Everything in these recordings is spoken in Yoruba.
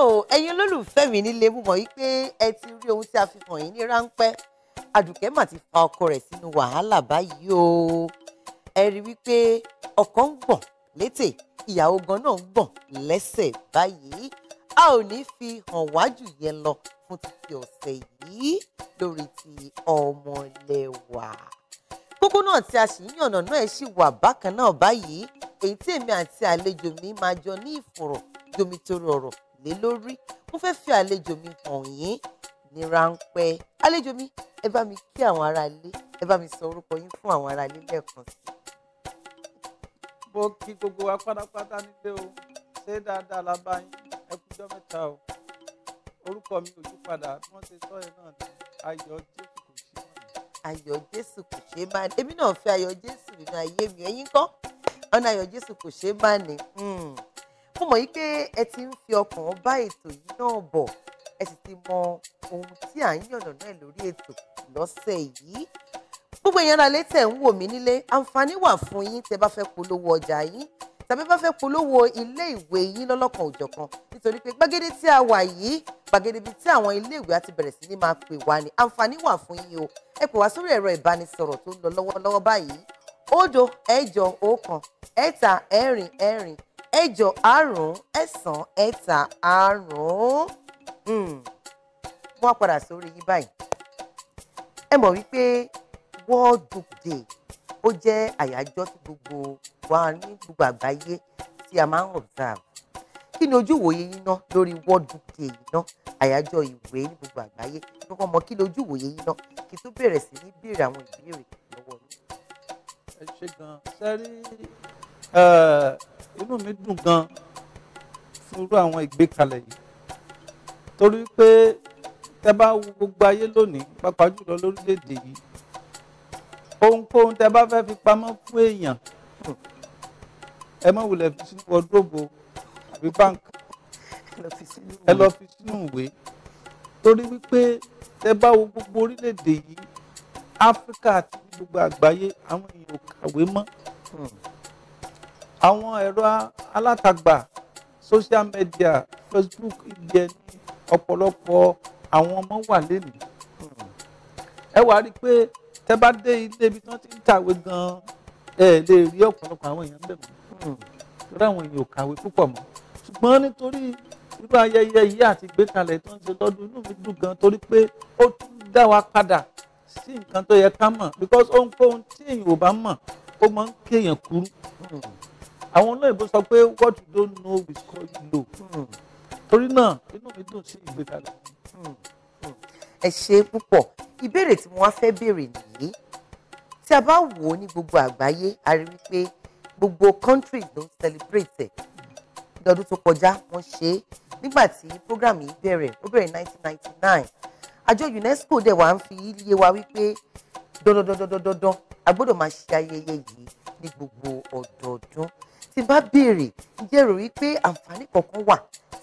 so ẹ̀yin olólùfẹ́ mi nílé mú mọ̀ wípé ẹ ti rí ohun tí a fi hàn yín ní ráńpẹ́ àdùkẹ́ mà ti fa ọkọ rẹ̀ sínú wàhálà báyìí o ẹ rí wípé ọkọ ń gbọ̀n létè ìyàwó gan náà ń gbọ̀n lẹ́sẹ̀ báyìí a ò ní fi hàn wájú yẹn lọ fún títí ọ̀sẹ̀ yìí lórí ti ọmọlẹ́wà kókó náà tí a sì ń yànnà náà ẹ sì wà bákan náà báyìí èyí tí èmi àti àlejò mi máa jọ ní ìfọ̀rọ̀ jomitoro ọ̀rọ̀ lé lórí mo fẹ́ fi àlejò mi hàn yín ní ráńpẹ́ àlejò mi ẹ bá mi kí àwọn ará ilé ẹ bá mi sọ orúkọ yín fún àwọn ará ilé lẹ́ẹ̀kan sí. mo kí gbogbo wa pátápátá nílé o ṣé dáadáa la bá yín ẹ kújọ́ mẹ́ta o orúkọ mi ò yí padà bí wọ́n ṣe sọ yẹn náà ni ayọ̀ jésù kò ṣe máa. ayọ̀ jésù kò ṣe máa ní èmi náà fi ayọ̀ jésù nínú ayé mi ẹ̀yin kọ́ ọ̀nà ayọ̀ jésù kò ṣe máa ní. Hmm mo mọ̀ yí pé ẹ ti ń fi ọkàn bá ètò yìí náà bọ̀ ẹ sì ti mọ ohun tí à ń yànnà náà lórí ètò lọ́sẹ̀ yìí gbogbo èèyàn alẹ́ tẹ̀ ń wò mí nílé àǹfààní wà fún yín tẹ́ bá fẹ́ polówó ọjà yín tàbí bá fẹ́ polówó ilé ìwé yín lọ́lọ́kan òjọ̀kan nítorí pé gbàgede tí a wà yìí gbàgede ibi tí àwọn ilé ìwé á ti bẹ̀rẹ̀ sí ní máa pè wá ni àǹfààní wà fún yín o ẹ pè wá sórí ẹ̀rọ ìbánisọ̀rọ̀ tó ń lọ lọ́wọ́lọ́wọ́ báyìí òdo ẹ̀jọ ọ̀kan ẹ̀ta ẹ̀rin ẹ̀rin ẹ̀jọ àrún ẹ̀sán ẹ̀ta àrún hmm. wọ́n á padà sórí yín báyìí ẹ mọ̀ wípé World Book Day ó jẹ́ àyájọ́ tí gbogbo wa ní gbogbo àgbáyé tí a máa ń observe kí ni ojú ìwòye yín ná lórí World Book Day yìí ná àyájọ́ ìwé ní gbogbo àgbáyé kọ́kọ́ mọ̀ kí ni ojú ìwòye yín ná kí tó bẹ̀rẹ̀ sí ní béèrè àwọn ìbéèrè lọ́wọ́ yín. ẹ ṣe gan sẹ́rí inú mi dùn gan fún irú àwọn ìgbékalẹ̀ yìí torí pé tẹ́ bá wo gbogbo ayé lónìí pàápàá jùlọ lórílẹ̀‐èdè yìí ohunkóhun tẹ́ bá fẹ́ fi pamọ́ fún èèyàn ẹ má wulẹ̀ fi sínú wọdúróbò àbí báńkì ẹ lọ fi sínú ìwé torí wípé tẹ́ bá wo gbogbo orílẹ̀‐èdè yìí áfíríkà àti gbogbo àgbáyé àwọn èèyàn ò kàwé mọ́ àwọn ẹ̀rọ alátagbà social media facebook ibẹ̀ ní ọ̀pọ̀lọpọ̀ àwọn ọmọ wà lẹ́nu ẹ wàá rí i pé tẹ bá dé ilé ibi tí wọ́n ti ń tàwé gan-an ẹ lè rí ọ̀pọ̀lọpọ̀ àwọn èèyàn bẹ̀ mọ́ lórí àwọn èèyàn ò kàwé púpọ̀ mọ́ ṣùgbọ́n nítorí irú ayẹyẹ yìí àti ìgbékalẹ̀ tó ń ṣe lọ́dún inú mi dùn gan torí pé ó tún dá wa padà sí nǹkan tó yẹ ká mọ̀ because ohunkóhun tí èèyàn ò bá mọ̀ ó máa ń kéèyàn kúrú àwọn olóyìnbó sọ pé what you don't know is called you know hmm. torí náà inú mi dùn sí ìgbékalẹ̀. Hmm. Hmm. ẹ ṣe púpọ̀ ìbéèrè tí wọ́n fẹ́ béèrè nìyí tí a bá wò ó ní gbogbo àgbáyé a rí wípé gbogbo country ló ń celebrate ẹ̀ lọ́dún tó kọjá wọ́n ṣe é nígbà tí program yìí bẹ̀rẹ̀ ó bẹ̀rẹ̀ 1999 àjọ UNESCO dẹ̀ wá ń fi yé wa wípé dandandandandandan a gbọ́dọ̀ máa ṣe ayẹyẹ yìí ní gbogbo ọdọọdún tí n bá béèrè ǹjẹ́ rò wípé àǹfààní kankan wà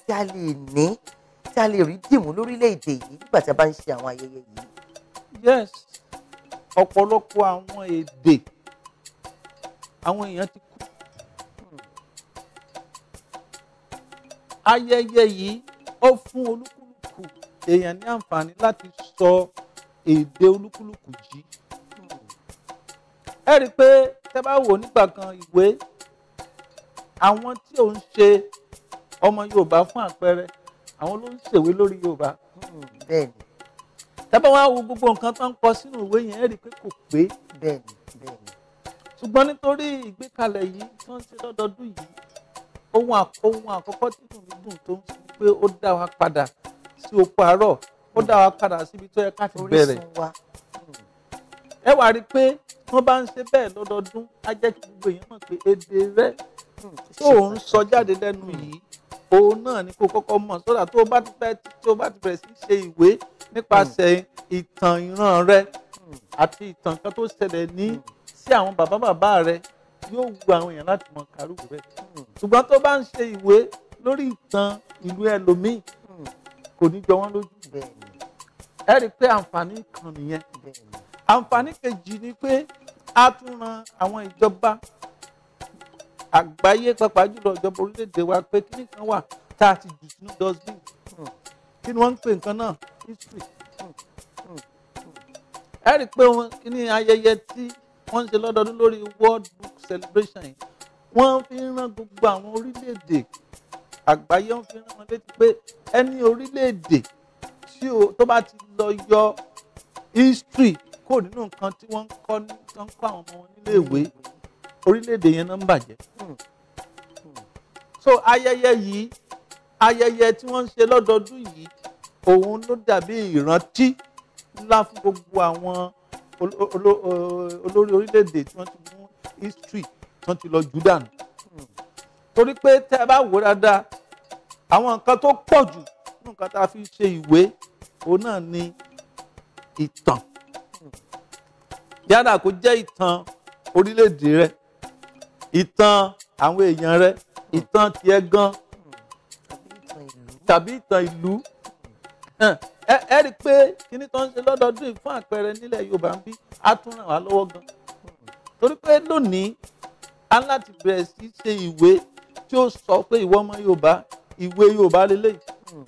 tí a lè ní tí a lè rí dìmú lórílẹ̀‐èdè yìí nígbà tí a bá ń ṣe àwọn ayẹyẹ yìí. yes ọ̀pọ̀lọpọ̀ àwọn èdè àwọn èèyàn ti kú. ayẹyẹ yìí ó fún olúkúlùkù èèyàn ní àǹfààní láti sọ èdè olúkúlùkù jí. ẹ rí i pé tẹ́ bá wò nígbà kan ìwé àwọn tí ò ń ṣe ọmọ yorùbá fún àpẹẹrẹ àwọn ló ń ṣèwé lórí yorùbá. bẹ́ẹ̀ni. tábà wá wo gbogbo nǹkan tó ń kọ sínú ìwé yẹn rí i pé kò pé. bẹ́ẹ̀ni bẹ́ẹ̀ni. ṣùgbọ́n nítorí ìgbékalẹ̀ yìí tí wọ́n ń ṣe lọ́dọọdún yìí ohun àkọ́kọ́ tí kò ní dùn tó ń sọ pé ó dá wa padà sí oko àárọ̀ ó dá wa padà síbi tó yẹ ká fi bẹ̀rẹ̀ ẹ wá rí i pé wọ́n bá ń ṣe bẹ́ẹ̀ lọ́dọọdún á jẹ́ kí gbogbo èèyàn mọ̀ pé èdè rẹ̀ tó ò ń sọ jáde lẹ́nu yìí òun náà ni kò kọ́kọ́ mọ̀ sódà tó bá ti fẹ́ tó bá ti bẹ̀rẹ̀ sí ṣe ìwé nípasẹ̀ ìtàn ìran rẹ àti ìtàn kan tó ṣẹlẹ̀ ní sí àwọn bàbá bàbá rẹ yóò wu àwọn èèyàn láti mọ kárùkù rẹ ṣùgbọ́n tó bá ń ṣe ìwé lórí ìtàn ìlú ẹlòmíì kò ní jọ wọ́n lójú ẹ rí i pé àǹfààní kan nìyẹn àǹfààní kejì ni pé a tún ran àwọn ìjọba àgbáyé pàápàá jùlọ ìjọba orílẹ̀-èdè wa pé kí nìkan wà tá a ti jù sínú dustbin hmm. kí ni wọ́n ń pè nǹkan náà history. Hmm. Hmm. ẹ rí i pé kí ni ayẹyẹ tí wọ́n ń ṣe lọ́dọọdún lórí World Book Celebration yìí wọ́n fi ń rán gbogbo àwọn orílẹ̀-èdè àgbáyé wọ́n fi ń rán wọn létí pé ẹni orílẹ̀-èdè tó bá ti lọ yọ history kò nínú nǹkan tí wọ́n ń kọ́ àwọn ọmọ wọn nílé ìwé orílẹ̀-èdè yẹn náà ń bàjẹ́. Hmm. Hmm. so ayẹyẹ yìí ayẹyẹ tí wọ́n ń ṣe lọ́dọọdún yìí òun ló dàbí ìrántí ńlá fún gbogbo àwọn olórí orílẹ̀-èdè tí wọ́n ti mú history tí wọ́n ti lọ jù dànù. Hmm. torí pé tẹ́ ẹ bá wò dáadáa àwọn nǹkan tó pọ̀ jù nínú nǹkan tá a fi ṣe ìwé òun náà ni ìtàn yálà kó jẹ́ ìtàn orílẹ̀-èdè rẹ ìtàn àwọn èèyàn rẹ hmm. ìtàn tiẹ̀ gan tàbí ìtàn ìlú ẹ rí i pé kíní tó ń ṣe lọ́dọọdún fún àpẹẹrẹ nílẹ̀ Yorùbá ń bí á tún ràn wá lọ́wọ́ gan torí pé lónìí á láti bẹ̀rẹ̀ sí ṣe ìwé tí ó sọ pé ìwọ ọmọ Yorùbá ìwé Yorùbá lélẹ́yìí hmm.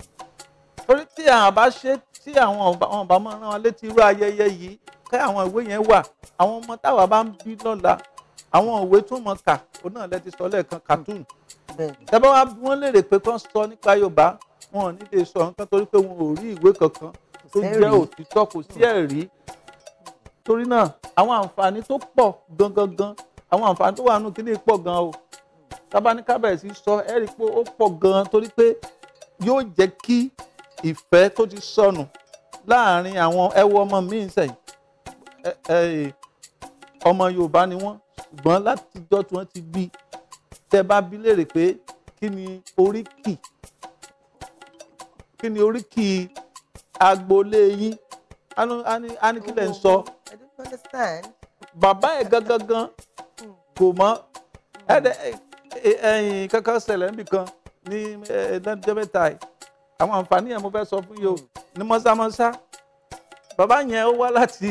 torí tí àwọn bá ṣe tí àwọn ọba máa rán wa létí irú ayẹyẹ yìí kẹ́ àwọn ìwé yẹn wà àwọn ọmọ táwa bá ń bí lọ́la àwọn òwe tó mọ̀ kà òun náà lẹ́ti sọ lẹ́ẹ̀kan cartoon tẹ́bá wá bí wọ́n léèrè pé kán sọ nípa Yorùbá wọn ò ní lè sọ nǹkan torí pé wọn ò rí ìwé kankan tó jẹ́ òtítọ́ kò sí ẹ̀rí torí náà àwọn àǹfààní tó pọ̀ gangan gan àwọn àǹfààní tó wà nù kí ní pọ̀ gan o tábà ní kábẹ̀rẹ̀ sí sọ ẹ rí i pé ó pọ̀ gan torí pé yóò jẹ́ kí ìfẹ́ tó ti sọnù láàárín àwọn ẹwọ ọmọ míì sẹ́yìn ọmọ Yorùbá ni wọ́n ṣùgbọ́n látijọ́ tí wọ́n ti bí tẹ́ bá bí léèrè pé kí ni oríkì kí ni oríkì agboolé yín á ní kí lẹ̀ ń sọ bàbá ẹ̀ gangan gan kò mọ̀ ẹ̀yìn kankan ṣẹlẹ̀ níbì kan ní ẹ̀ẹ́dẹ́jọ́ mẹ́ta yìí àwọn àǹfààní yẹn mo fẹ́ sọ fún yìí o ní mọ́sámọ́sá bàbá yẹn ó wá láti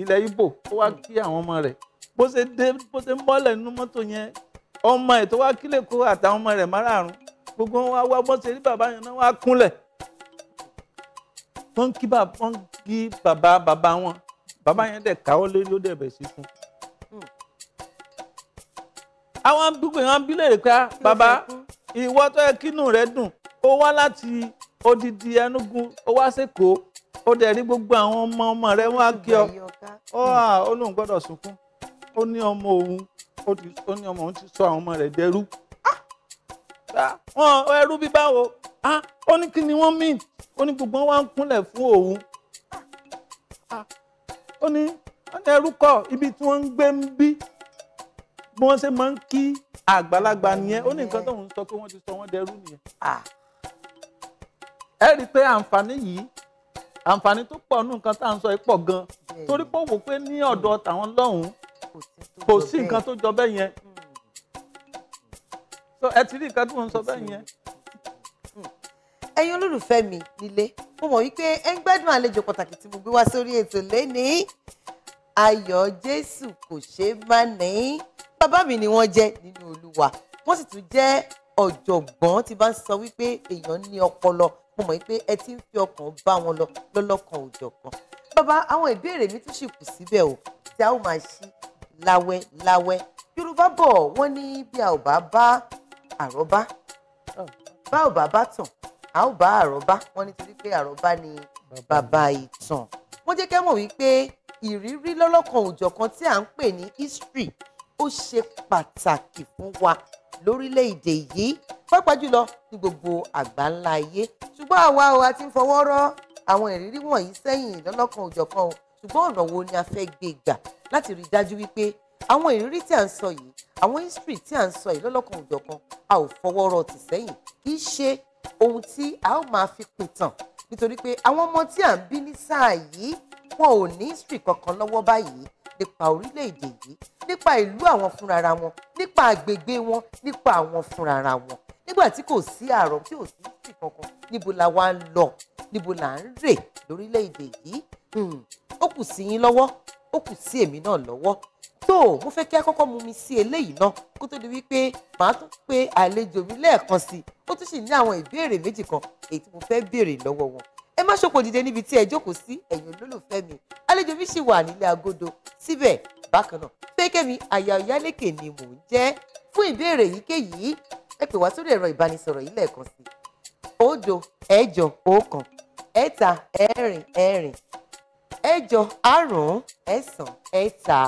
ilẹ̀ Ìgbò ó wá kí àwọn ọmọ rẹ̀ bó ṣe dé bó ṣe ń bọ́lẹ̀ nínú mọ́tò yẹn ọmọ ẹ̀ tó wá kílẹ̀ kó àtàwọn ọmọ rẹ̀ márààrún gbogbo wọn wá wá bó ṣe rí bàbá yẹn náà wá kúnlẹ̀ wọ́n kí bàbá bàbá wọn bàbá yẹn dẹ̀ káwọ́ lórí ó dẹ̀ bẹ̀ sí fún àwọn gbogbo èèyàn bí lè rè pé bàbá ìwọ tó yẹ kínú rẹ dùn ó wá láti odidi Enugu ó wá sẹkọọ ó dẹ̀ rí gbogbo àwọn ọmọ ọmọ rẹ wá kí ọ ó lóun gbọ́dọ̀ sunkún ó ní ọmọ òun ó ní ọmọ òun ti sọ àwọn ọmọ rẹ̀ dẹrú ah! ah! wọn ẹrú bí báwo ah! ó ní kí ni wọ́n mìn ó ní gbogbo wa ń kúnlẹ̀ fún òun ó ní ẹrú kọ́ ibi tí wọ́n ń gbé ń bí bí wọ́n ṣe máa ń kí àgbàlagbà nìyẹn ó ní nǹkan tóun sọ pé wọ́n ti sọ wọ́n dẹrú nìyẹn ẹ rí i pé àǹfààní yìí àǹfààní tó pọ̀ nù nǹkan tá à ń sọ yìí pọ̀ gan torí pé òwò pé ní ọ̀dọ̀ tàwọn lọ́hùn-ún kò sí nǹkan tó jọ bẹ́ẹ̀ yẹn so ẹ ti rí nǹkan tí mo ń sọ bẹ́ẹ̀ yẹn. ẹ̀yin olólùfẹ́ mi nílé mo mọ̀ wípé ẹ ń gbádùn àlejò pàtàkì tí mo gbé wá sórí ètò lénìí ayọ̀ jésù kò ṣe má ní bàbá mi ni wọ́n jẹ́ nínú olúwa wọ́n sì tún jẹ́ ọ̀jọ̀gbọ́n tí bá ń sọ wípé èèyàn ní ọpọlọ mo mọ̀ wípé ẹ ti ń fi ọkàn bá wọn lọ lọ́lọ́kan òjọ̀kan bàbá àwọn ìbéèrè mi tún sì kù síbẹ̀ o tí a ó máa ṣí láwẹ́láwẹ́ yorùbá bọ̀ wọ́n ní bí a ò bá bá àrọ́bá bá ò bá bá tàn a ò bá àrọ́bá wọ́n nítorí pé àrọ́bá ni bàbá ìtàn wọ́n jẹ́ kẹ́ mọ̀ wípé ìrírí lọ́lọ́kan òjọ̀kan tí à ń pè ní history ó ṣe pàtàkì fún wa lórílẹ̀‐èdè yìí pàápàá jùlọ ní gbogbo àgbáńlá ayé ṣùgbọ́n àwa o a fọwọ́ rọ́ àwọn ìrírí wọ̀nyí sẹ́yìn lọ́lọ́kan òjọ̀kan ṣùgbọ́n ọ̀nà wo ni a fẹ́ gbé gbà láti rí i dájú wípé àwọn ìrírí tí à ń sọ yìí àwọn history tí à ń sọ yìí lọ́lọ́kan òjọ̀kan a ò fọwọ́ rọ tì sẹ́yìn kì í ṣe ohun tí a ó máa fi kùn tàn nítorí pé àwọn ọmọ tí à ń bí ní sáà yìí wọn ò ní history kankan lọ́wọ́ báyìí nípa orílẹ̀-èdè yìí nípa ìlú àwọn fúnrara wọn nípa àgbègbè wọn nípa àwọn fúnrara wọn nígbà tí kò sí àrọ̀ tí ò sí history kankan níbo la wá ń lọ níbo la ń rè lórílẹ̀-èdè yìí hmm kù sí yín lọ́wọ́ ó kù sí èmi náà lọ́wọ́ tó mo fẹ́ kí a mu mi sí eléyìí náà kó tó di wípé màá tún pé àlejò mi lẹ́ẹ̀kan sí i ó tún sì ní àwọn ìbéèrè méjì kan èyí tí mo fẹ́ béèrè lọ́wọ́ wọn ẹ má ṣòkò dìde níbi tí ẹ jókòó sí ẹ̀yin olólùfẹ́ mi àlejò mi sì wà nílé agodo síbẹ̀ bákan náà fẹ́kẹ́mi àyà òyálékè ni mò ń jẹ́ fún ìbéèrè yíkéyìí ẹ pè wá sórí ẹ̀rọ ìbánisọ̀rọ̀ yìí lẹ́ẹ̀kan sí i òjò ẹ̀jọ ọ̀kan ẹ̀jọ àrún ẹ̀sán ẹ̀ta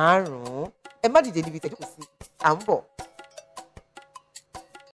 àrún ẹ má dìde níbi tẹ̀dúkù sí à ń bọ̀.